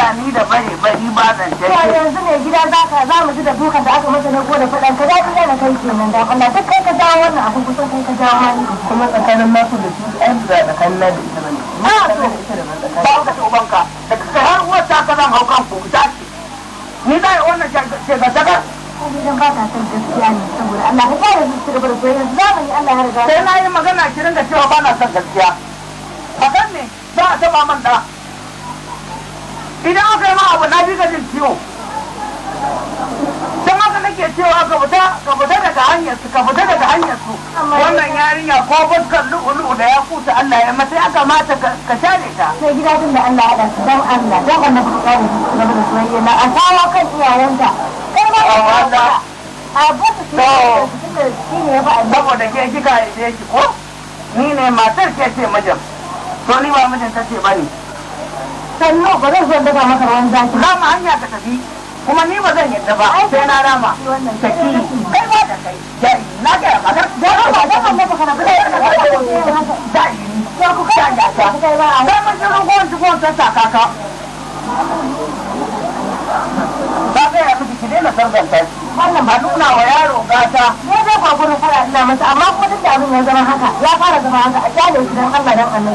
fulani da bare bari ba zan ta yanzu ne gida za ka za mu ji da dukan da aka masa na gode faɗan ka daɗi yana kai kenan da Allah duk kai ka dawo wannan abin kusan kai ka dawo mani kuma tsakanin nasu da su ai da kanna da ita bane ma so ba ka ta ubanka da ka har uwar ka zan hau kan ku ta ce ni da wannan ce ga daga idan ba ta son gaskiya ne saboda Allah ka kare zuciya da barko yanzu zamani Allah ya riga sai na yi magana ki ringa cewa ba na son gaskiya kan ne za a taba man da idan aka yi ma abu na fi gajin ciwo don haka nake cewa ka fita ka fita daga hanyar su ka fita daga hanyar su wannan yarinya ko fuskar lu'ulu'u da ya kuta Allah ya mata ya kamata ka share ta sai gida din da Allah ya dan su dan Allah dan Allah ka kare su da soyayya na asawa kan iyayenta kai ma Allah abu su shi ne ba Allah saboda ke kika ne ki ko ni ne matar ke ce majam, to ni ba mijin ta ce bane sai yau ba zan zan dafa maka ruwan zaki ba ma hanya ta tafi kuma ni ba zan yadda ba sai na rama saki kai ba da kai jari na ga ba da ba ba ba maka kana ba jari ya ku kai da ta da mun ji ruwan ruwan ta ta kaka ba ga ya fiti dai na san zanta wannan ba nuna wa yaro gata ne da ba gurin fara ina masa amma ko duk da abin ya zama haka ya fara zama haka a kyale shi dan Allah dan annabi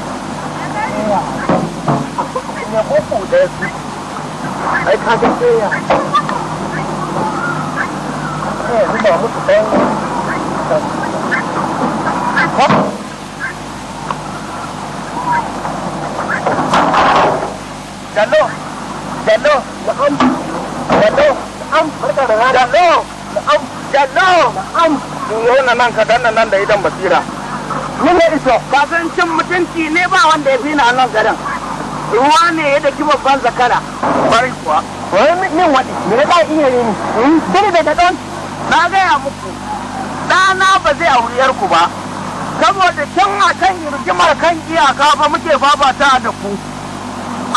kuma hukku ɗaya su ai ka ga sai ya kai zuba musu da nan ka danna nan da idan basira. Mun ne iso. Ba zan cin mutunci ne ba wanda ya fi na nan garin. ruwa ne ya daki babban zakara Bari kuwa wai min waɗi me ya ɗaya iya yi ni dini hmm? bai da ɗan na gaya muku ɗana ba zai auri yarku ba saboda can a kan rigimar kan iyaka ba muke babata da ku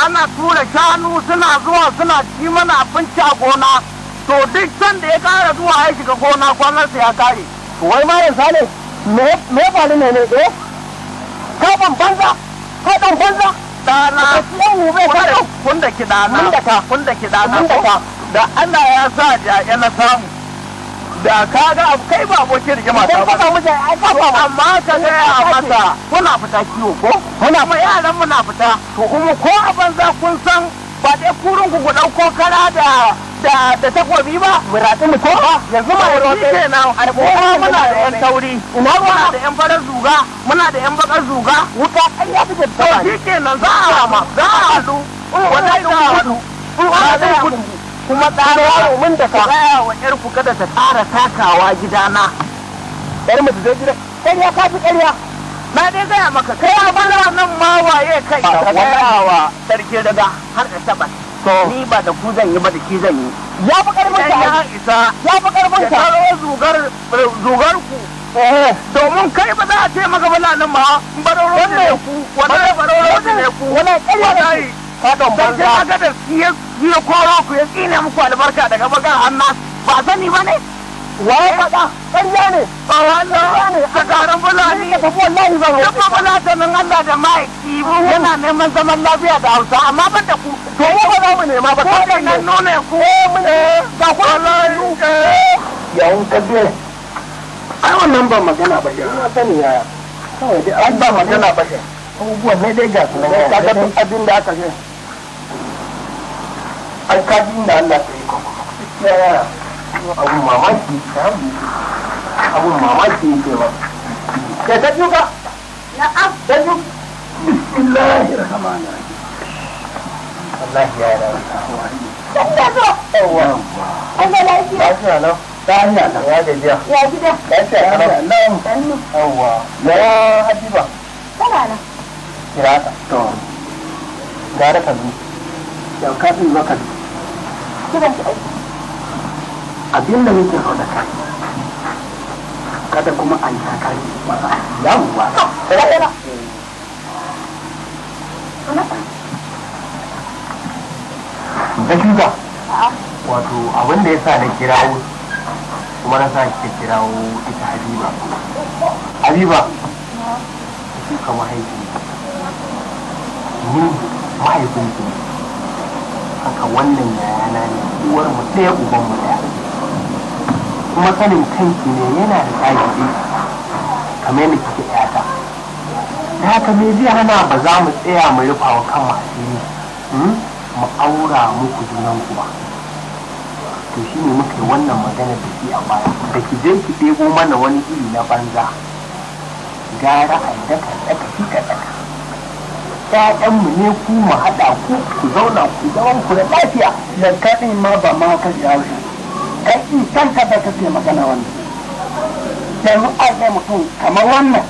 ana tura shanu suna zuwa suna ci mana abinci a gona to duk can da ya kara zuwa ya shiga gona kwanarsa ya kare wai ma yanzu ne me ya faru ne ne eh ka ban banza ka ban banza dana kun da ki dana kun da ki dana da Allah ya sa ya na samu da ka ga kai ba da rigima ta ba amma ka ga ya masa kuna fita kiwo ko kuna mu yaran muna fita to kuma ko a banza kun san ba dai kurun ku ku dauko kara da da da takobi ba buratu mu ko yanzu ma rote kenan alƙoƙa muna da yan tauri ina muna da yan farar zuga muna da yan bakar zuga wuta ai ya fi da to kenan za a ma za a hadu wallahi za a hadu ba za a hadu kuma mun da ka gaya wa yar ku kada ta ƙara takawa gidana yar mu zai gida na dai gaya maka kai ya bala nan ma waye kai ka wa sarki daga har da tabbas ni ba da ku zan yi ba da ki zan yi ya fi karfin ka ya isa ya fi karfin ka ya zugar zugar ku eh. domin kai ba za a ce maka bala nan ma bararo ne ku wallahi bararo ne ku wallahi wallahi fatan banza sai ka ga da shi ya koro ku ya tsine muku albarka daga bagan hannu ba sani ba ne wa ya faɗa ƙarya ne a wannan ne a garin fulani ya tafi wallahi ba ya fa fulatanin Allah da ma'aiki yana neman zaman lafiya da Hausa amma ban da ku to mu ba za mu nema ba ko nan ku eh ne eh. ga ku wallahi eh. ya un kabe ai wannan ba magana ba ya na sani ya kawai dai an ba magana ba ya abubuwan ne dai ga su ne eh, ka ga abin da aka ce ai ka Allah ta yi kuma abun mamaki abun mamaki yake ba kai ta biyu ba na'am ta biyu bismillahir rahmanir rahim Allah ya yi rawa Allah lafiya lafiya lau ta hanya ta ya gajiya ya gida lafiya kalau nan yawa ya habiba tana nan kira ta to gara ka zo yau kafin zo ka zo kira shi abin da yake hau ka kada kuma a yi sakari yawwa da shi ba wato abin da ya sa na kirawo kuma na sa ke kirawo ita habiba habiba shi ka mahaifin ni mahaifin haka wannan yayana ne uwar mu ɗaya uban mu ɗaya kuma sanin kanki ne yana da ƙa'idodi kamar yadda kike ƴata da haka me zai hana ba za mu tsaya mu rufa wa kan asiri hmm? mu aura muku junan ku ba to shi ne muka yi wannan magana da ke a baya da ki je ki ɗebo mana wani iri na banza gara a daka daka fi ka daka ƴaƴanmu ne ku mu haɗa ku ku zauna ku zaman ku da lafiya da kaɗin ma ba ma kan yawon kai in kanka da kake magana wannan yanzu an zai mutum kamar wannan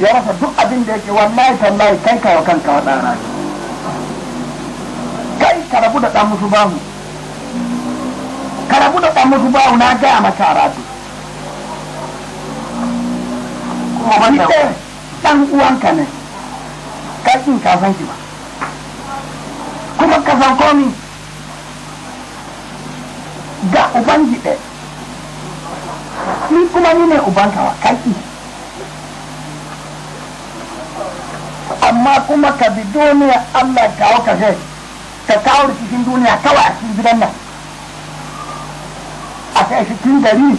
ya rasa duk abin da yake wallahi tallahi kai kawo kanka wa ɗana kai ka rabu da ɗan musu bahu ka rabu da ɗan musu bahu na gaya maka rabi kuma wanda ɗan uwanka ne kai in ka san shi ba kuma ka san komi ga uban jiɗe ni kuma ni ne uban kawa kaki amma kuma ka bi duniya Allah kawo ka zai ka kawo cikin duniya kawai a cikin gidan nan a kai cikin gari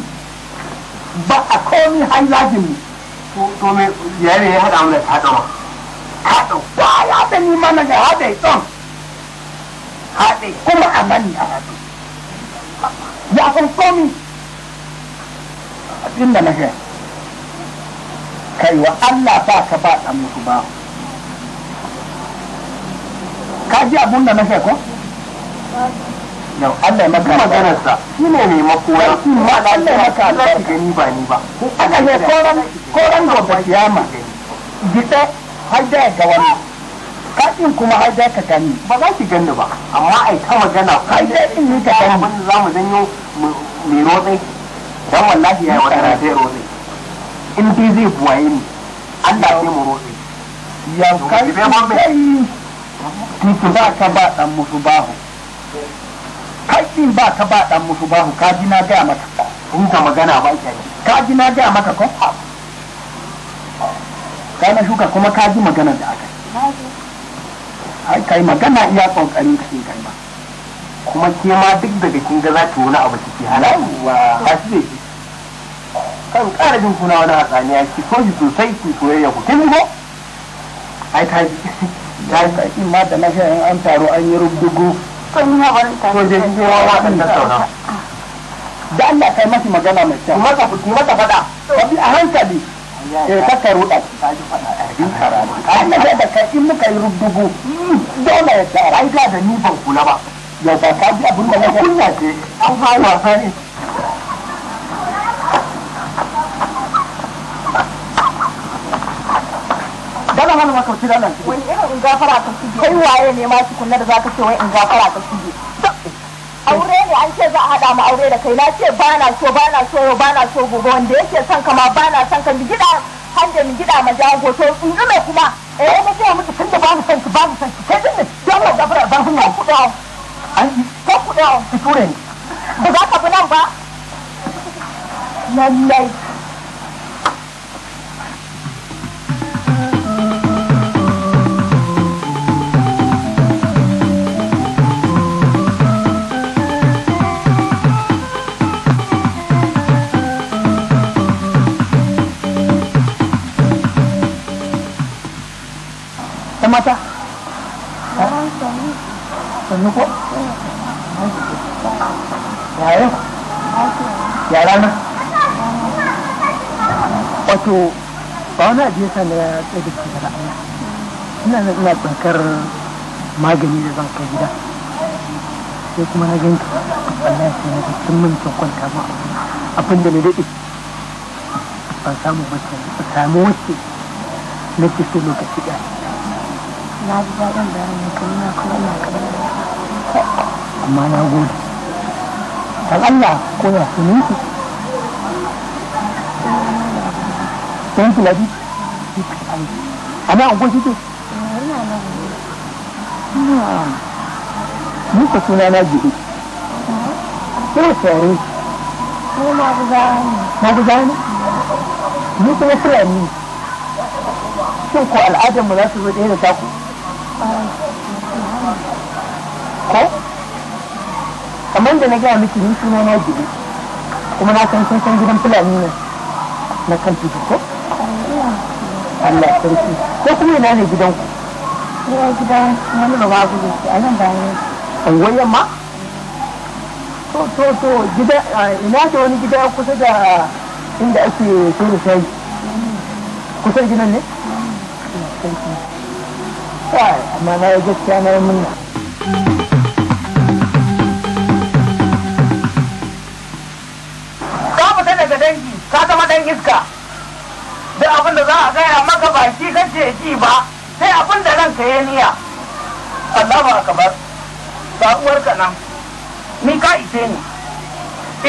ba a komi hallajin mu to me yare ya haɗa mu da haɗa ma haɗa ba ya ta nima na ga haɗa ya haɗe kuma a mani a haɗe ya san komi abin da na ga kai wa Allah ba ka ba ɗan mutu ba ka ji abun da na ga ko yau Allah ya maka magana sa shi ne ne makoya shi ma Allah ya maka albarka ni ba ni ba aka ne koran koran gobe kiyama gida har da ga wani kafin kuma har za ka gani ba za ki gani ba amma ai ta magana har za ki yi ta gani wani za mu janyo mai rotsai dan wallahi ya yi wata zai rotsai in bi zai buwaye ni Allah ya mu rotsai ya kai kai titi ba ka ba dan musu bahu kaɗin ba ka ba dan musu bahu ka ji na gaya maka in ka magana ba ki ka ji na gaya maka ko kana shuka kuma ka ji magana da aka yi kai magana iya kokarin cikin kai ba kuma ke ma duk daga kin ga za ki wani abu kike wa ba shi ne kan ƙara jin kuna wani hatsaniya ki so shi sosai ki soyayya ku kin ko ai ta ji ta ji kai ma da na shayin an taro an yi rubdugu kan ya barin ta ko je ki wa wadan da sauna da Allah kai masa magana mai kyau kuma ka fiti mata fada ka bi a hankali Ya eh, ka karuda ta ji fada abin haram an na da kai in muka yi rubugu hmm, dole ya ra'ayi ga da ni ban kula ba ya ba ka bi abin da kunya ce an fara wasa ne dana hannu maka wuce ce. Wani irin in gafara ka shige kai waye ne ma tukunna da za ka ce wai in gafara ka shige aure ne an ce za a haɗa mu aure da kai na ce ba na so ba na so ba na so gobe wanda yake son ka ma ba na son ka gida har da gida ma jago to in ina kuma eh mu ga mu tun da babu san ki babu san ki sai din dan ma gafara ban hunya ku da an yi ko ku da ku ture ni ba za ka bi nan ba lallai 'yan mata sannu ko eh. ya na wato ba wani ya tsaye da ke da ina na ina tsankar magani da zan kai gida sai kuma na ganki wallahi sai na cikin mintin kwanta ma abin da na daɗe samu wacce na samu wacce na cikin lokaci ɗaya amma na gode dan Allah ko ya su miki dan ki lafi amma an gode ki ni suna na jibi ko tsoro ko guza ne ma guza ne ko al'adar mu za su zo ɗaya da taku kamar da na gaya miki ni suna na kuma na san san gidan fulani ne na kan tudu ko Allah sarki ko kuma ina ne gidan ku ina gida wani baba gudu a nan bayan yamma to to to gida ina da wani gida kusa da inda ake sai shayi kusan gidan ne mm. kai amma na gaskiya na yi munna gaya maka ba shi kace ji ba sai abin da ranka ya niya Allahu bar ba ka nan ni ka ise ni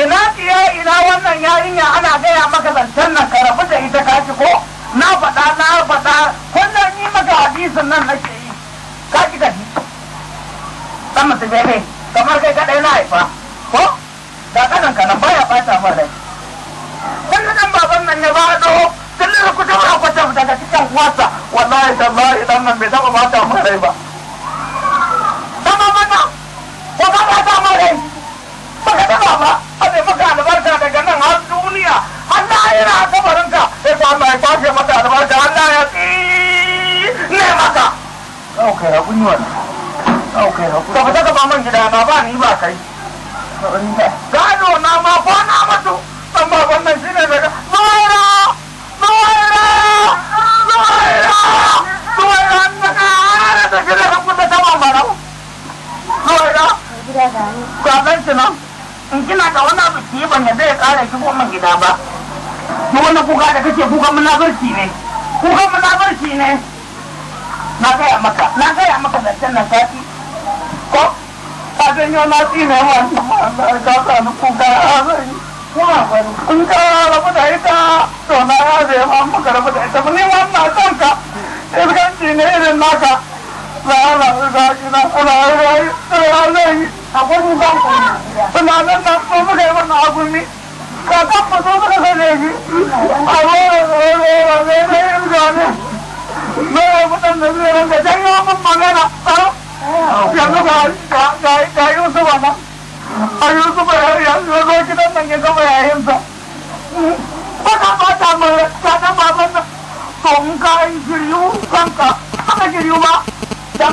ina tiya ina wannan yarinya ana gaya maka zancen nan ka rabu da ita ka ci ko na faɗa na faɗa kullum ni maka hadisin nan nake yi ka ci ka ji sama ne bebe kamar kai kaɗai na haifa ko da kanan ka nan baya ɓata mara kullum baban nan ya ba ɗo kullum ku ta daga cikin uwarsa wallahi tallahi dan nan bai taba bata mai rai ba dama mana ko ba ta mai rai baka taba ba Allah maka albarka daga nan har duniya Allah ya yana kabarinka sai ba Allah ya kwace maka albarka Allah ya ki ne mata kawo kai hakuri wannan kawo kai hakuri ka fita ka ba man gida na ba ni ba kai gano na ma ko na mutu dan wannan nan Kwaɓar su nan, in kina da wani abu ki yi ban yadda ya ƙara shigo min gida ba. Ki wani kuka da kake kukan munafurci ne, kuka munafurci ne. Na gaya maka, na gaya maka zancen na sati. Ko, a janyo na tsine wannan ka sa ni kuka a In ka rabu da ita, to na ya zai ma maka rabu da ita, ni wannan kanka, iskanci ne irin naka. Za a rabu da ina, ana rayu, ana rayu. agurmi zan kuma tunanin da so muka yi yi magana tsaro yanzu ga yusufa nan a ya nan ya in ka yi aka giryu ba dan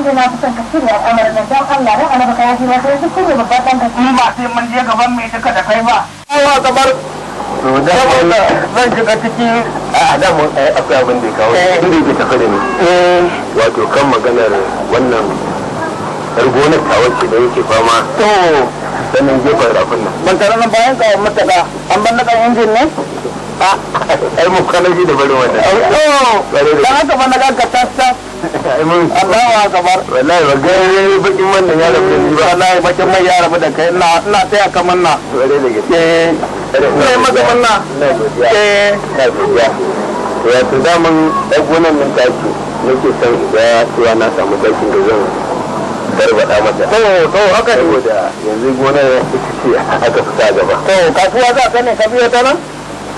ni na ka ka sai da kai ba a da mun ai wato kan maganar wannan yar gonar tawacce da yake fama to sannan gefen rafin nan ban tare nan bayan ka mutaka an ban na kan injin ne ai mu kana shi da bari wannan da haka ba na tasta Allahu akbar wallahi ba bakin ya rabu ni ba wallahi bakin ya rabu da kai ina ina taya ka manna bare da gaske eh manna eh na godiya ya to da mun taki nake na samu dakin da zan barbada mata to to haka ne yanzu gonar ita ce aka fita gaba to kasuwa za ka ne ka biyo ta nan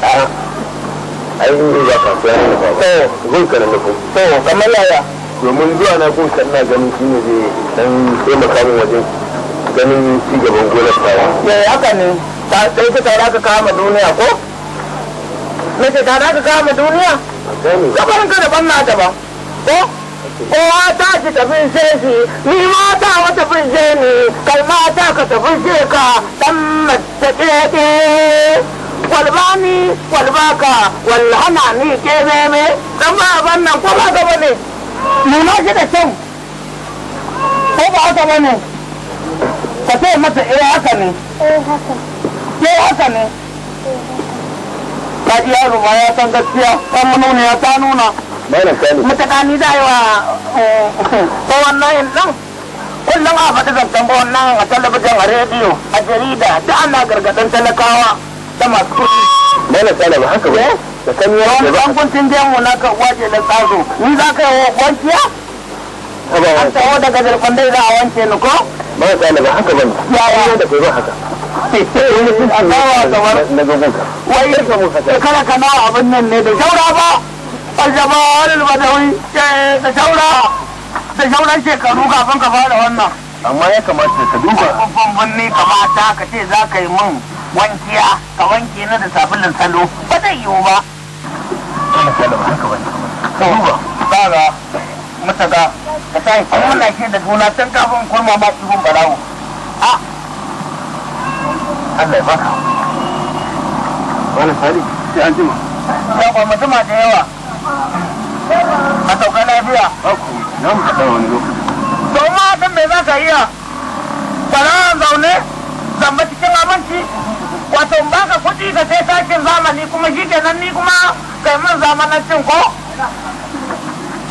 ai yi ya kasuwa ne ba to zai kana nufi to kamar yaya domin zuwa na kun kan na ganin shi ne zai dan taimaka min wajen ganin ci gaban gonar ta ya eh, haka ne ta kai ta tara ka kama duniya ko na ce ta ka kama duniya kabarin ka da banna ta ba ko kowa ta ci tafi bishe shi ni mata wata bishe ni kai mata ka ta bishe ka dan mace ce kwalba ni kwalba ka walhana ni ke meme dan ba ban nan ko ba bane mu nuna shi da kyau ko ba ta bane ka ce mata eh haka ne eh haka ke haka ne ka iya ruwa ya san gaskiya kan manuna ya ta nuna mata za a yi wa eh, ko wannan in nan kullum a faɗi zancen ba wannan a talabijin a rediyo a jarida da ana gargaɗin talakawa da masu kuɗi mana tsala ba haka ba da kan ba. wani ban kuntun da yamma naka waje da tsazo ni za ka yi wankiya an tawo daga zarfan dai za a wanke ni ko mana tsala ba haka ba ya ya yi da kai ba haka wai kana kana abin nan ne da shaura ba aljaba wani badawi da shaura da shauran shekaru kafin ka fara wannan amma ya kamata ka duba babban birni kamata ka ce za ka yi min wankiya ka wanke na da sabulin salo ba zai yiwu ba ba, ba ba. Ba tsara mutaga da ta yi kuma na shi da juna tun kafin kurma ma ihun barawo a Allah ya baka wani sali sai an jima ya ba mutuma da yawa a sauka lafiya na mu kaɗa wani lokaci don ma abin mai za ka iya barawan zaune zamba cikin aminci wato baka kuɗi ka sai takin zamani kuma shi kenan ni kuma kai min zamanancin ko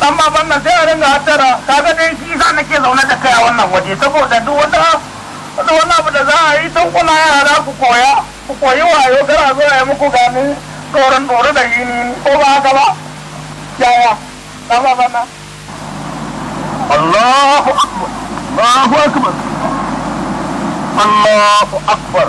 amma baban nan sai a ringa hattara ga dai shi za nake zaune da kai a wannan waje saboda duk wata wani abu da za a yi tun kuna yara ku koya ku koyi wayo gara zo a yi muku gani tsoron tsoro da ni ko ba haka ba yaya amma baban nan Allahu Akbar Allahu Akbar Allahu Akbar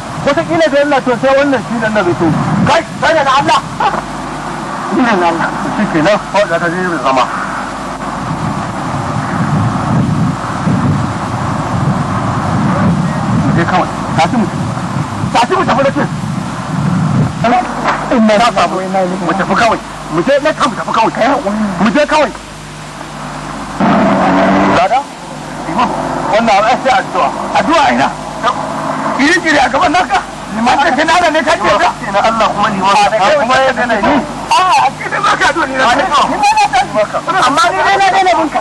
wataƙila da yalla to sai wannan shi nan zai to kai sai da Allah ni ne Allah shi ke na ko da ta je mai zama je kawai ta tashi mu tashi mu tafi da ce in na samu mu tafi kawai mu je na mu tafi kawai mu je kawai dada wannan ai sai addu'a addu'a ina kiri-kiri a gaban naka liman ta kana da ne ka ce da ina Allah kuma ni wa ka kuma ya ni a ki da to ni na amma ni dai na ne mun ka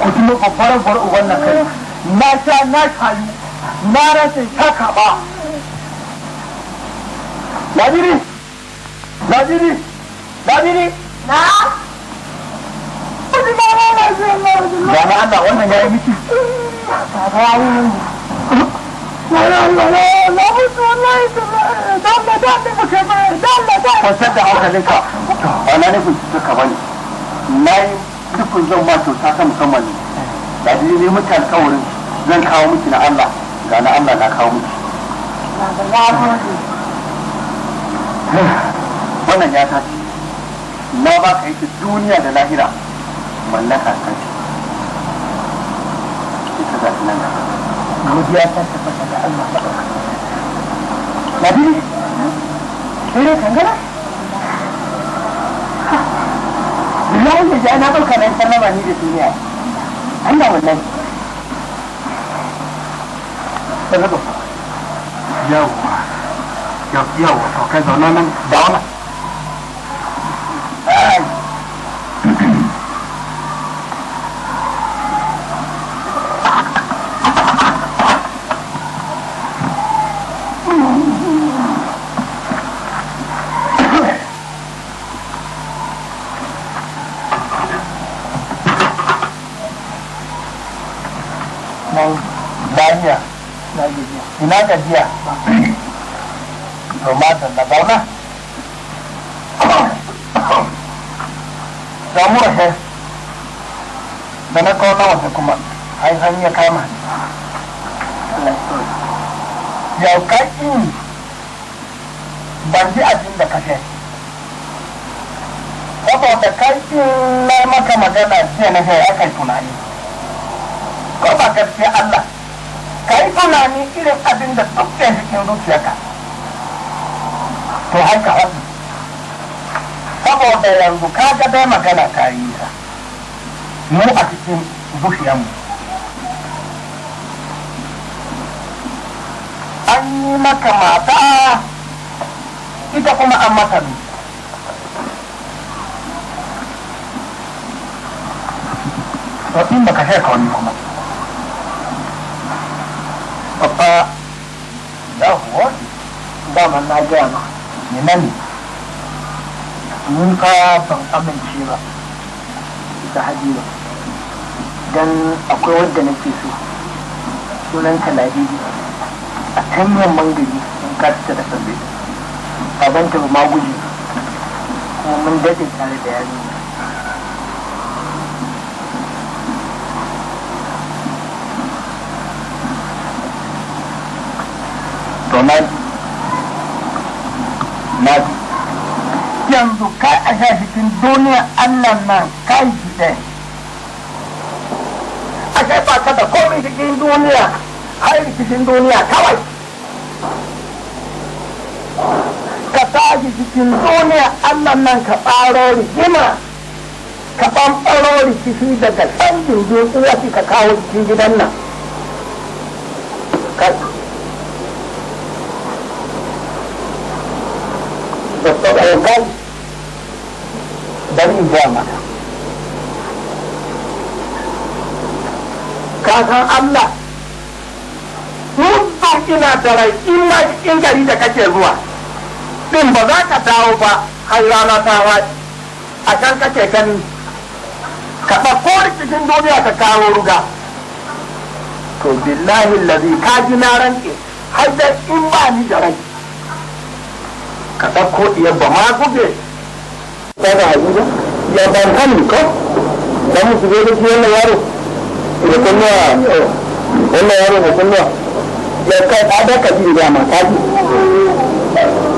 ku tuno uban kai na sha na kayu na rasa ta kaba Ladiri! Ladiri! Ladiri! Na? Ba na Allah wannan ya yi miki. Baba ya yi zan musamman ne, kawo miki na Allah ga na Allah na kawo miki. Wannan ya tashi, na ba ka yake duniya da lahira mallaka kanki. ga nan godiya ta tabbata yi yawwa yawwa to kai zauna nan da wannan Yeah. dai magana ta yi ta mu a cikin zuciyarmu an yi maka mata ita kuma an mata ne to in baka ka wani kuma da huwa na gaya ne nan ne mun fa ban amince ba da ba don akwai wadda nake so sunan talabibi a can yamman in da sabbi baban ta ma kuma mun daɗe tare da yaro to yanzu ka a shafikin duniya duniyar Allah nan kai shi ɗaya. A kai ba ka da komai cikin duniya, har cikin duniya kawai. Ka tashi cikin duniya Allah nan ka tsaro rigima, ka ɓanɓaro rikici daga can jirgin uwa ka kawo cikin gidan nan. gaya ka san Allah muddin ina da rai in ma cikin gari da kake zuwa din ba za ka dawo ba har rana ta wace a can kake kan ka ɗauko rikicin duniya ka kawo ruga to billahi lazi ka ji na ranke har da in ba ni da rai ka ɗauko iya ba ma gube da ya ban kan ko dan su je duk wannan yaro da kunna wannan yaro da kunna ya kai ada ka ji da ma ka ji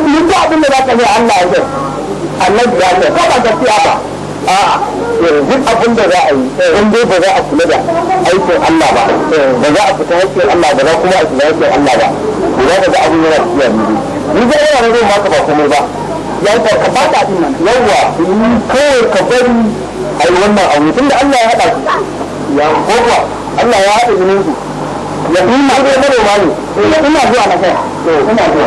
mun ga abin da zaka yi Allah ya annabi ya ce ka gaskiya ba a'a yanzu abin da za a yi in dai ba za a kula da aikin Allah ba ba za a fita hakkin Allah ba za kuma a shiga hakkin Allah ba ba za ka ga abin da za a iya yi ni ga yana zai maka ba komai ba yanka ka fada din nan yawa kawai ka bari wannan abu tunda Allah ya haɗa ya kowa Allah ya haɗa jinin su ya fi ma da manoma ne ina zuwa na kai ina zuwa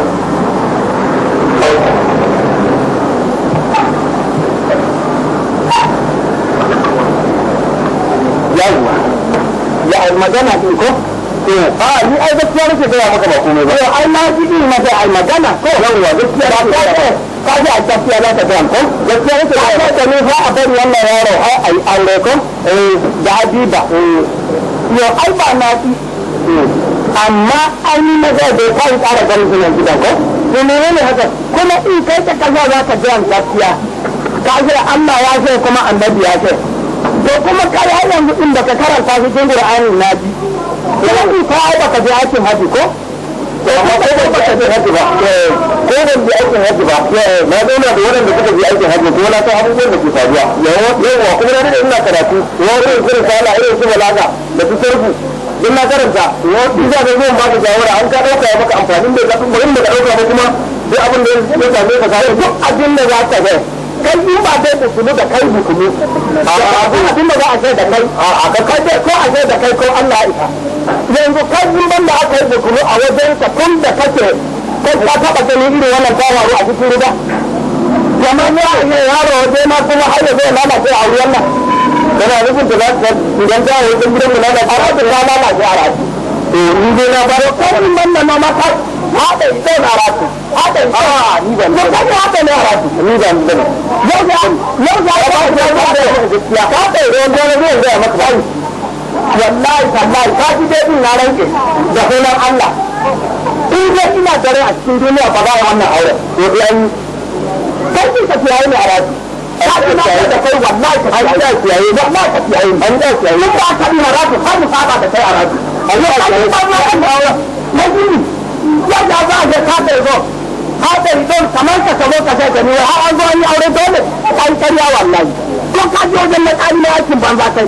yawa ya magana din ko a ni ai gaskiya nake gaya maka ba komai ba ai na ji din ko yawa gaskiya ba ka ji a gaskiya za ka gaya ko gaskiya yake da ya ta nufa a bari wannan yaro a yi aure ko eh, da habiba eh. yau ai ba na ki amma an yi maza da ya kai tsara ganin sunan gidan ko to ne ne haka kuma in kai ta kaza za ka gaya gaskiya ka ji amma ya ce kuma annabi ya ce to kuma kai har yanzu in baka karanta cikin Qur'ani na ji kuma in ka ai baka je aikin haji ko ko ban aikin hajji ba eh, ko ban ba eh, da waɗanda suka je aikin hajji ko na da ke faruwa yawa kuma na daɗe ina karatu yawa irin su irin su balaga da su sarfu na karanta in za ka zuwan baka shawara an ka ɗauka ya maka amfanin da kafin da abin da ya same ka duk da za ka kai yi ba dai da kai da za a da kai a ka kai ko a sai da kai ko Allah ya isa yanzu kwallon da aka yi zikuru a wajen ka tun da kake kai taba taɓa gani irin wannan a cikin ruba kamar ya ne yaro waje ma kuma har yanzu ya lalace a wuyan nan yana nufin da za idan ta yi sun ta lalace a to in dai na bari kwallon da na mamata haɗa ita na ratu haɗa ita a ni ban ne haɗa ne a ratu ni ban ne yau ya yau ya ya ya ya ya ya ya ya ya ya ya ya ya ya ya ya wallahi tallahi ka ji dai na ranke da sunan Allah in dai ina dare a cikin duniya ba za a wannan aure ko dai kai ki tafi yayi ne a rafi ka na da kai wallahi ka ji da wallahi an ba ka ji na rafi har mu saba da kai a rafi ba kan aure ji a ka ta zo ka ta zo kamar ka zo ka har an zo an yi aure dole karya wallahi ko ka ji wajen na tsari na aikin banza kai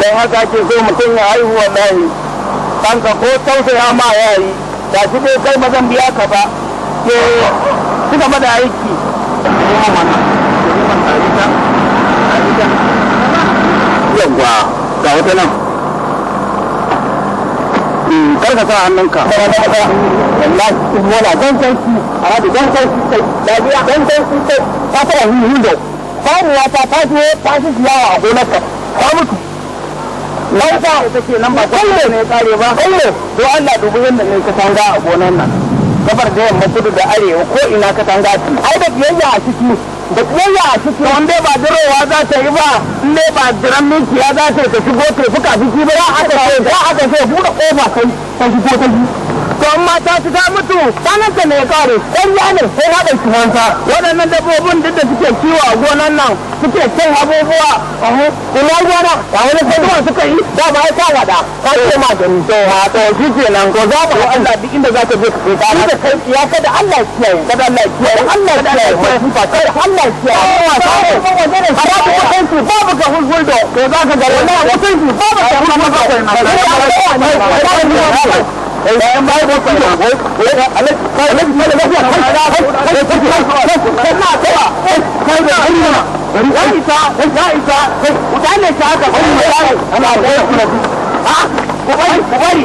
don haka ake so mutum ya haihu wallahi ɗanka ko tausaya ma ya yi da shi dai kai mazan biya ka ba ke ci gaba da aiki yawwa ga wata nan hmm, karka sa hannunka wallahi mola don kai shi a rabi don kai shi kai lafiya don kai shi sai ta fara hin da faruwa ta ta je ta a gonarka ta Lamba ita ce lamba ta ne kare ba. Kwallo. Ko Allah dubu yanda ne katanga a gonan nan. Gabar da yamma kudu da arewa ko ina katanga ce. Ai da biyayya a ciki. Da biyayya a ciki. Wanda ba dirowa za ta yi ba. In dai ba diran minkiya za ta yi ta shigo ta fuka fuki ba. Za a ka ce buɗe ƙofa kai ta shigo ta shi. to mata su ta mutu ta ne kare kare ƙarya ne sai haɗa su hanta waɗannan dabbobin duk da suke kiwo a gonan nan suke cin abubuwa ina gona ba wani sabuwa suka yi da ba ya sa da ka ce ma gani to ha to shi ke nan ko za mu Allah duk inda za ka je ka kai kai ya kada Allah kiyaye kada Allah kiyaye Allah kada Allah kiyaye ba kai hulhul da ko za ka ga wannan mutunci hulhul da bayan bayan wasu ne alaƙi mai lafiya kan kada kan kan kan kan kan na tawa kan da hanyar ya isa ya isa mutane shi haka kan da ya ana da ya kuma a ku bari ku bari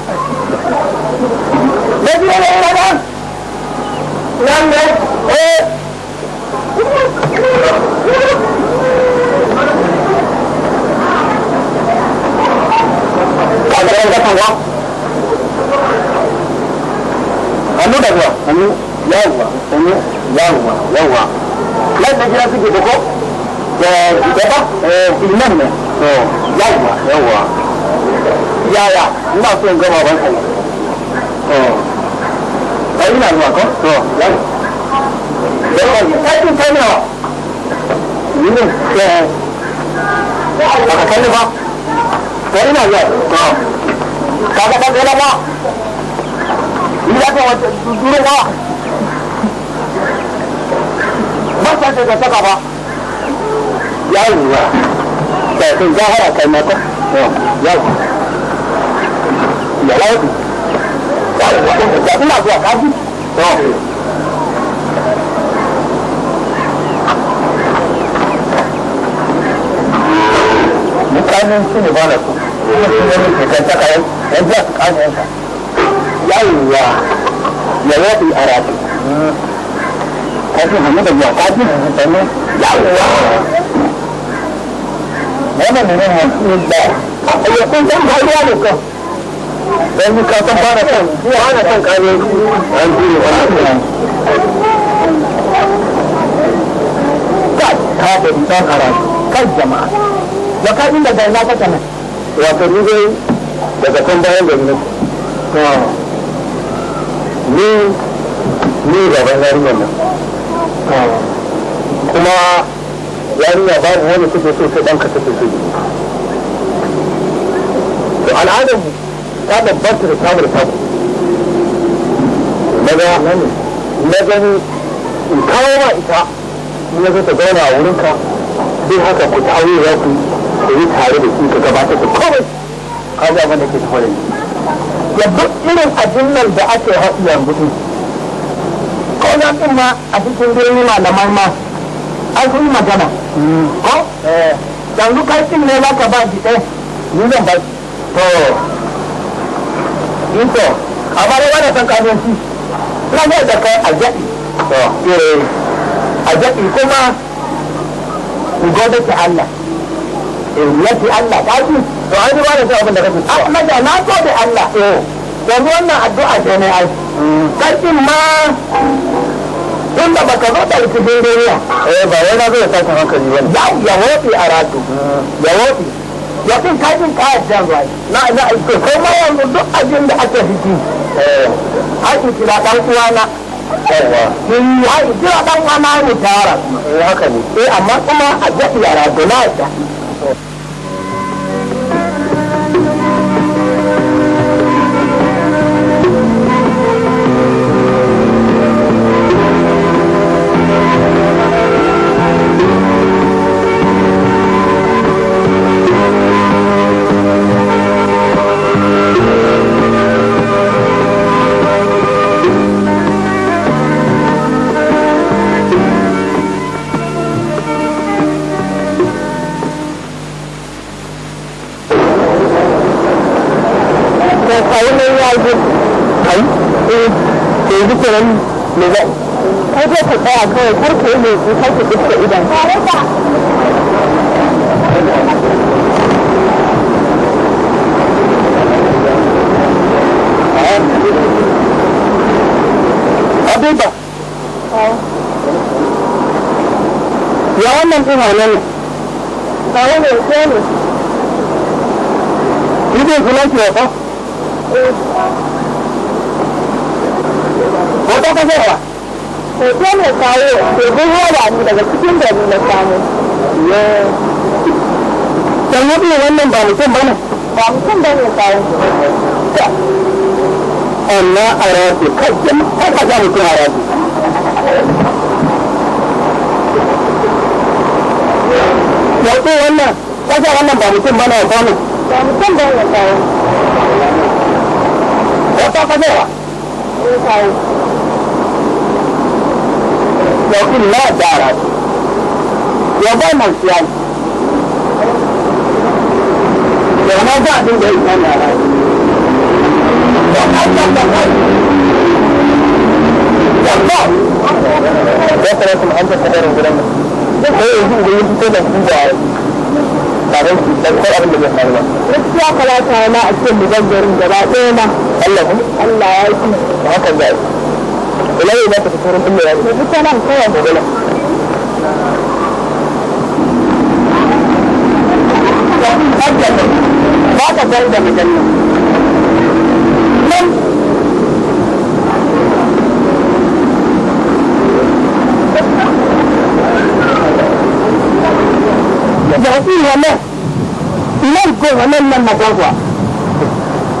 Jadi ada son ada? Nanda, eh. đấy là mà có ina ta da zuwa kaji a yanzu ka san fara kan fara kan kare an jure wannan ka da dan karatu kai jama'a da ka inda ga na kaka nan wato ni dai daga kan bayan da ni to ni ni gaban yarinyar nan kuma yarinya ba babu wani kuke so sai ɗanka take so to al'adarmu ta bambanta da samun samu daga na gani in kawo ma ita in ya ta zauna a wurinka zai haka ku ta aure za ku ku yi tare da shi ka gabatar ta komai kaji ji abin da ke ta tafiya ya duk irin abin da ake haɗu yanzu ko na ɗin ma a cikin birni malaman ma an sun magana mm. ko eh. yanzu kai ɗin ne za ka ba shi ɗaya ni zan ba to Nito, amma dai wani san kasuwanci. Na mai da kai a jaɗi. A jaɗi kuma in gode ki Allah. In yafi Allah ɗaki. To an ji wani da kake cewa. Amma da na gode Allah. Yanzu wannan ma tunda baka zo da rikicin duniya. ba wai na zo da hankali ba. Ya wofi Ya wofi. yakin kajin kayan na na ko kuma yanzu duk abin da ake fiti eh haƙi kira dan uwana yawa ni kira dan na ne tara eh haka ne eh amma kuma a jafi yara dole ta zo ai eh to yanzu kenan me za kai dai ka tsaya kawai kar ka yi mai kar ne? Ba ne. Ni zai kula ki ya ko ka hoto mai kawo roba ne daga cikin gari na wannan ba mutum ba ne ba mutum ba ne kawo a rafi mutum a rafi wannan kasa wannan ba mutum ba ne ba mutum ba ne kawo لكن لا دارت وضمن السياسة وما بعد ذلك أنا وحتى تقول والله فترة محمد قدر الجرمة ايه دي دي كده كده بعدين تذكر قبل ما يحصل بس يا خلاص انا اكتب مجدر جبعتنا الله الله يعيشك هكذا ina ne za ta fi saurin nan nan nan nan magagwa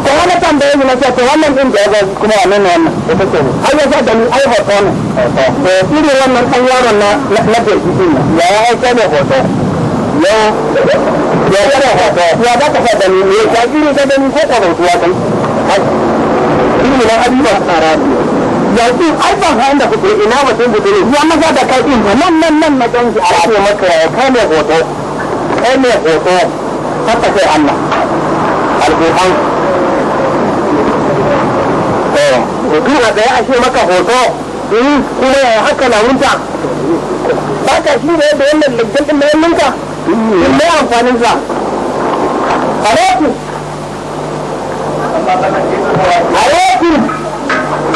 ko wani tambaye ni na ce to wannan din da ya gaji kuma wannan wannan ita ce ne har yasa da ni ai hoto ne to irin wannan kan yaron na na da shi din ya ya ai kai ne hoto ya ya kai hoto ya ba ka fa da ni ne ka irin ka da ni ko ka hoto ya kai irin na abiba tsara yanzu ai ban hayan da kuke ina mutum budure ya maza da kai din nan nan nan na dangi a ce maka kai ne hoto kai ne hoto haka kai Allah al-Qur'an hoto a tsaye ake maka hoto kuma ya haka na wunta ba ka shi ne da wannan lagjan ɗin na yanninka in mai amfanin sa alaikun alaikun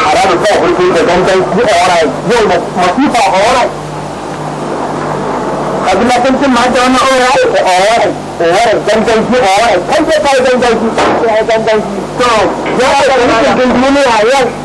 alaikun kawai hulkin da gangan zuwa wara yau masifa a wara abin da kan cin ma ta wani aure ai ko aure aure gangan shi aure kan ce kai gangan shi kai gangan shi to ya ka da mutum duniya yau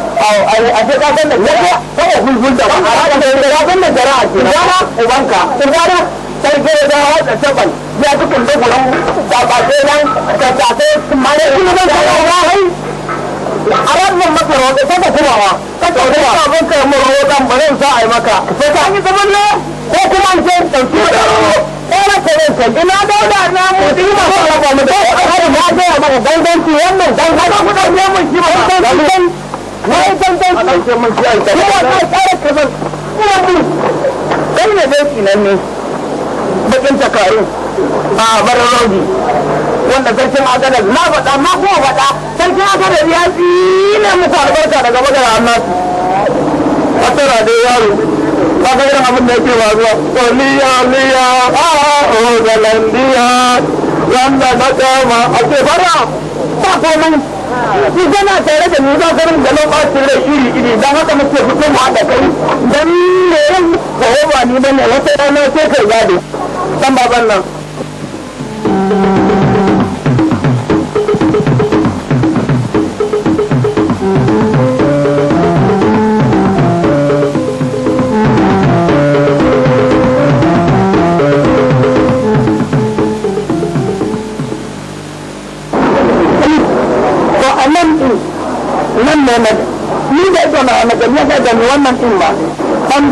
a ce kasan da jara kawai hulhul da wani a da yadda kasan da a ce jara ubanka jara sai ke da wata taban ya fi kulle gurin tafafe nan tafafe mare kuma da jara ba hai a wannan maka roƙe ta kumawa ta kuma abin kai mu roƙan ba zan a yi maka sai ka yi zaman ne ko kuma an ce ɗauki da ɗora ta yin kan ina dauda na mu ji ma ba ba mu da har ma ga maka ganganci wannan dan haka kuɗa ne mun wai dan dan a ɗauke mun tsara ka kuma bi dan ne zai kinan ne bakin takarun a barin rogi wanda sarkin agadar na faɗa ma kuma faɗa sarkin agadas ya tsine muku albarka daga magana annasu a tsara dai yaro kaga irin abin da yake faruwa Oliya, liya a ogalandiya wanda na kama a ce bara ba komai shi tana tare da mu za ka rinka nan ɓacin rai iri iri don haka muke fito mu haɗa kai don ne yin ba ni bane wata rana sai kai gado dan baban nan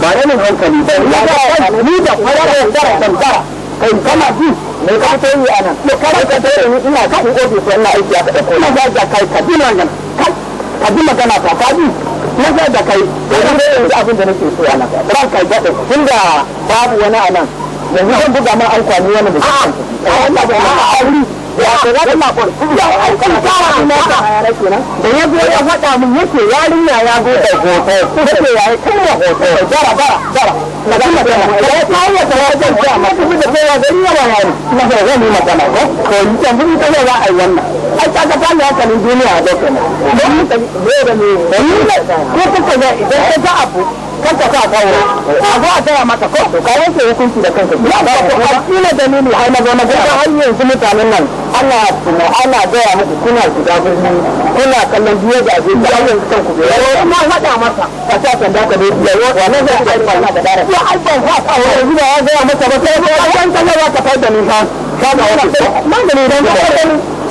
ba ranin hankali ba ya ga da fara da tantara kai kana ji mai ka ta yi anan me ka ta ta yi ina ka aiki a kada ko na ga kai ka bi nan ka bi magana ta ka na ga da kai ko da abin da nake so anan ran kai da babu wani anan yanzu zan buga ma an wani da shi a wannan ba a da ya zo ya faɗa min yake yarinya ya zo da hoto yake ya yi kai da hoto jara bara jara na ga mata da ya kawo wata wajen da mata da kai ya gani yawa ya na ga zan yi magana ko to yi can bin ta za a yi wannan ai ka ga duniya da kuma ta da ko ga idan ka abu kanta ta kawo abu a tara mata ko to ka yanke hukunci da kanka ya ba ko a kila dalili har na zo na ga har yanzu mutanen nan ana tuma ana gaya muku kuna shiga birni kuna kallon biyo da abin da yanzu kan ku biyo kuma faɗa masa ka sa sanda ka dai biyo wannan zai ka fara da dare ya alban ha ka yanzu ba ya gaya masa ba sai ba kan kana ba ka faɗa ni A' ka ba wannan magani dan ka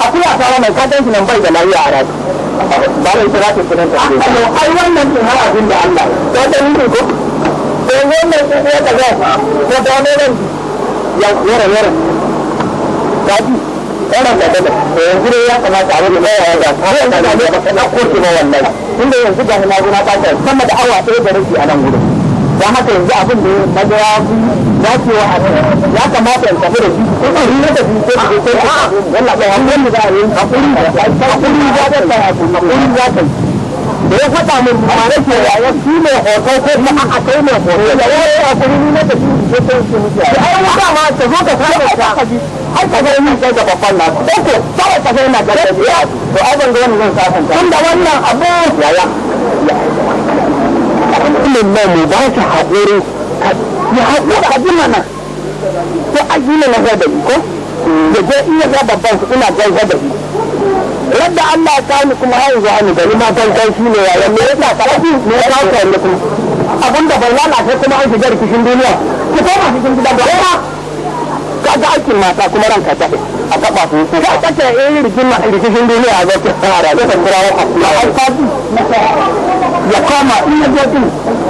akwai a tara mai ka dan nan bai da lafiya a rafi ba da ita ta tafiye ta ai wannan tun har abin da Allah ta ko wannan ko ko ta zai ko ta ya yara yara da yanzu ya kamata a rubuta ya ga ko da ne ba tunda yanzu ga na gona ta sama da awa ɗaya da rabi a nan gurin dan haka yanzu abin da ya maza ya ce wa ya kamata in tafi da shi ko in na tafi ko ko ko wallahi ba wannan da zai hakuri hakuri za ta ta hakuri za ta da ya faɗa min ma na ke yaya shi mai hoto ko kuma a kai ne hoto ya yi hakuri ni na tafi ko ko ko mutu ya ai wuta ma ta zo ka ka ta har ka ga ni kai da babban na ko ko kawai ka ga ina da ya to ai ban ga wannan safan ta tunda wannan abu yaya Allah mu ba ta haƙuri ya haƙo da ji mana ko an yi na da ko ya je iya ga babban su ina gaisa da shi yadda Allah ya kawo kuma har ni da gari ma gangan shi ne yayin me yasa karafi me ya kawo ka kuma abin da bai lalace kuma an shiga rikicin duniya ki koma cikin gidan da kuma ka ga aikin mata kuma ranka ta a taba su ko ka kace eh rikicin duniya a zaka fara da kira wa Allah ya koma in ya din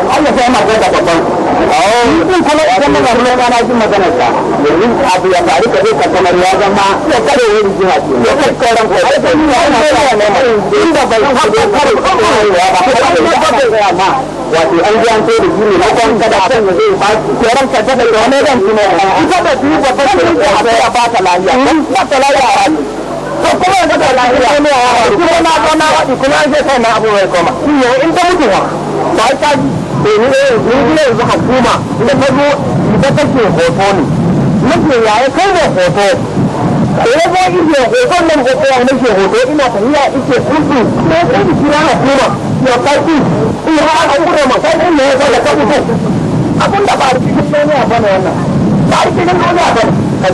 Allah sai ma ga babban Yin kuma idan na zama yana jin maganar ta domin abu ya faru ka zai kamar ya zama ya kare ya jima ce. Ya kai ya ya ya ya ya Wato an ji an shi ne na kan kada a kan zai ba su ka ta wani ran Ita da ba ta shi ya ba ta lafiya. Ba ta lafiya ba kuma da lafiya ya to eh, ni ne yanzu hukuma da ta zo ta take hoto ne nake yaya kai da hoto ko eh, ya zo ije hoton eh, nan ko kowa nake hoto ina tafiya ike kudu ko kai da kira hukuma ya kai in har an kura ma kai ne ya zo da kai abin da ba a cikin duniya ba ne wannan ta yi cikin ka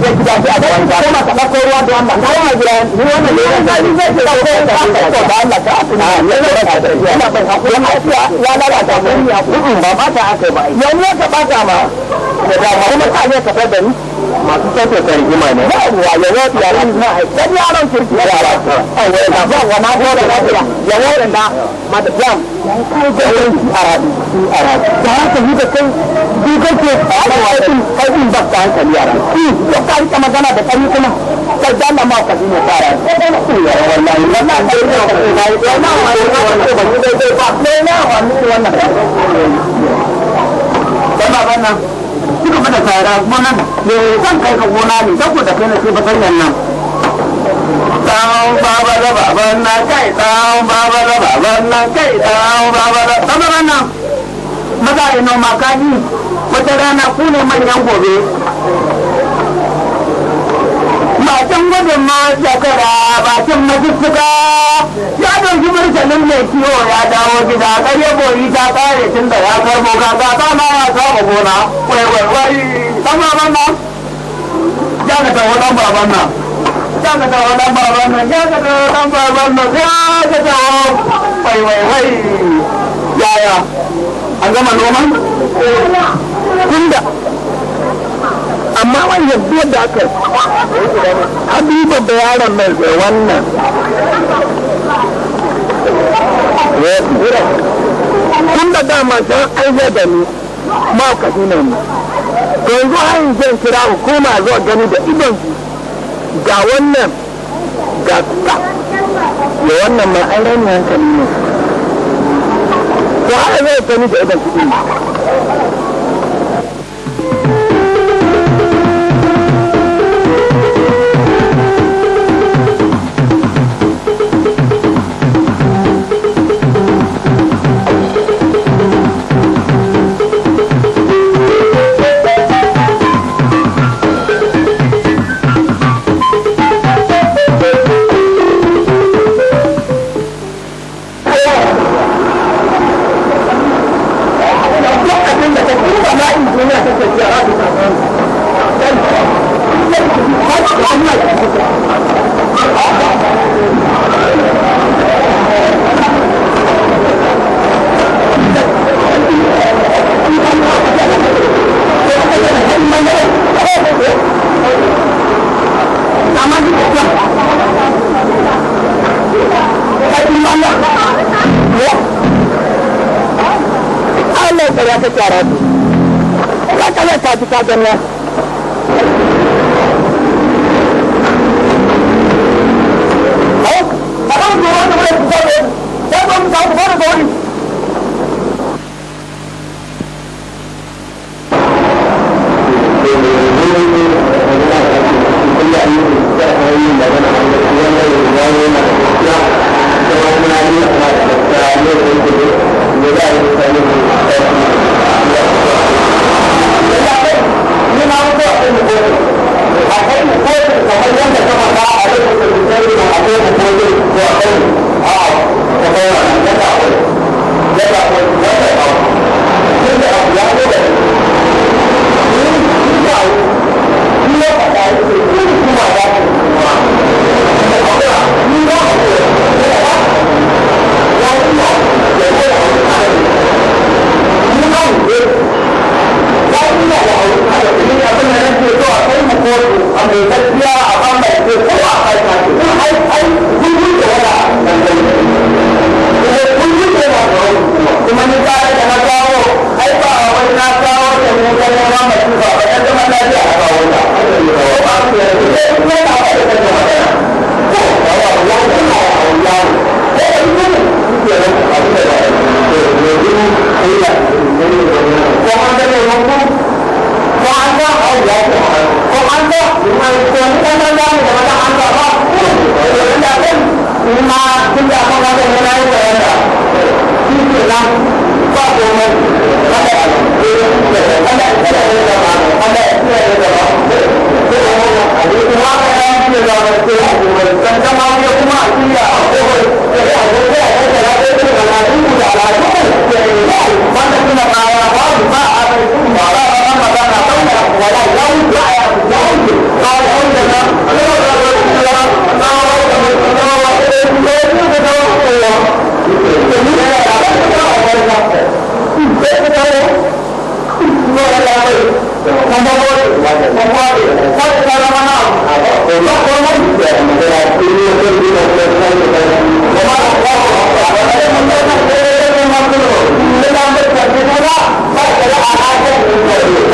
je gida sai a gaban ka kuma ka ɗauko ruwa da wannan ka gida ni wannan ne zai zai ce ko ka ko Allah ka na ne ka da shi ina ban hakuri lafiya ya lalata mu ya ku ba ba ta akai ba yau ne ka ba ta ma da ma kuma ka je ka fada ni masu tattata ne ba ruwa ya zo ya ran na dan yaron kirki ya ra a wai da wa na da lafiya ya da madam kai da da kai kake kai kai in ba hankali yara ki ka magana da kai kuma kai da na ma ka ji ne fara wallahi wannan da na ma ya ba ni ba ne na wannan suka fada tsara gonan ne zan kai ka gona ne saboda kai na ce fasallan nan tsawon baba da baban na kai tsawon baba da baban na kai tsawon baba da tsawon nan maza da noma kaji wata rana ku ne manyan gobe bakin gudun ma shakara bakin majistuka ya dauki murtalin mai kiwo ya dawo gida ƙarya bori ta ƙare tun da ya karbo kaka ta ma ya saba gona waiwaiwai ɗan baban nan ya ga tawo dan baban nan ya ga tawo dan baban nan ya ga tawo dan baban nan ya ga tawo wai waiwaiwai yaya an gama noman? Tunda amma wajen biyar da aka habiba da yaron mai zai wannan tun da dama can aiza da ni mawakaci ne ni to yanzu hain zan kira hukuma zuwa gani da idon ga wannan ga ta da wannan ma an rani hankali ne to haka zai gani da idon ne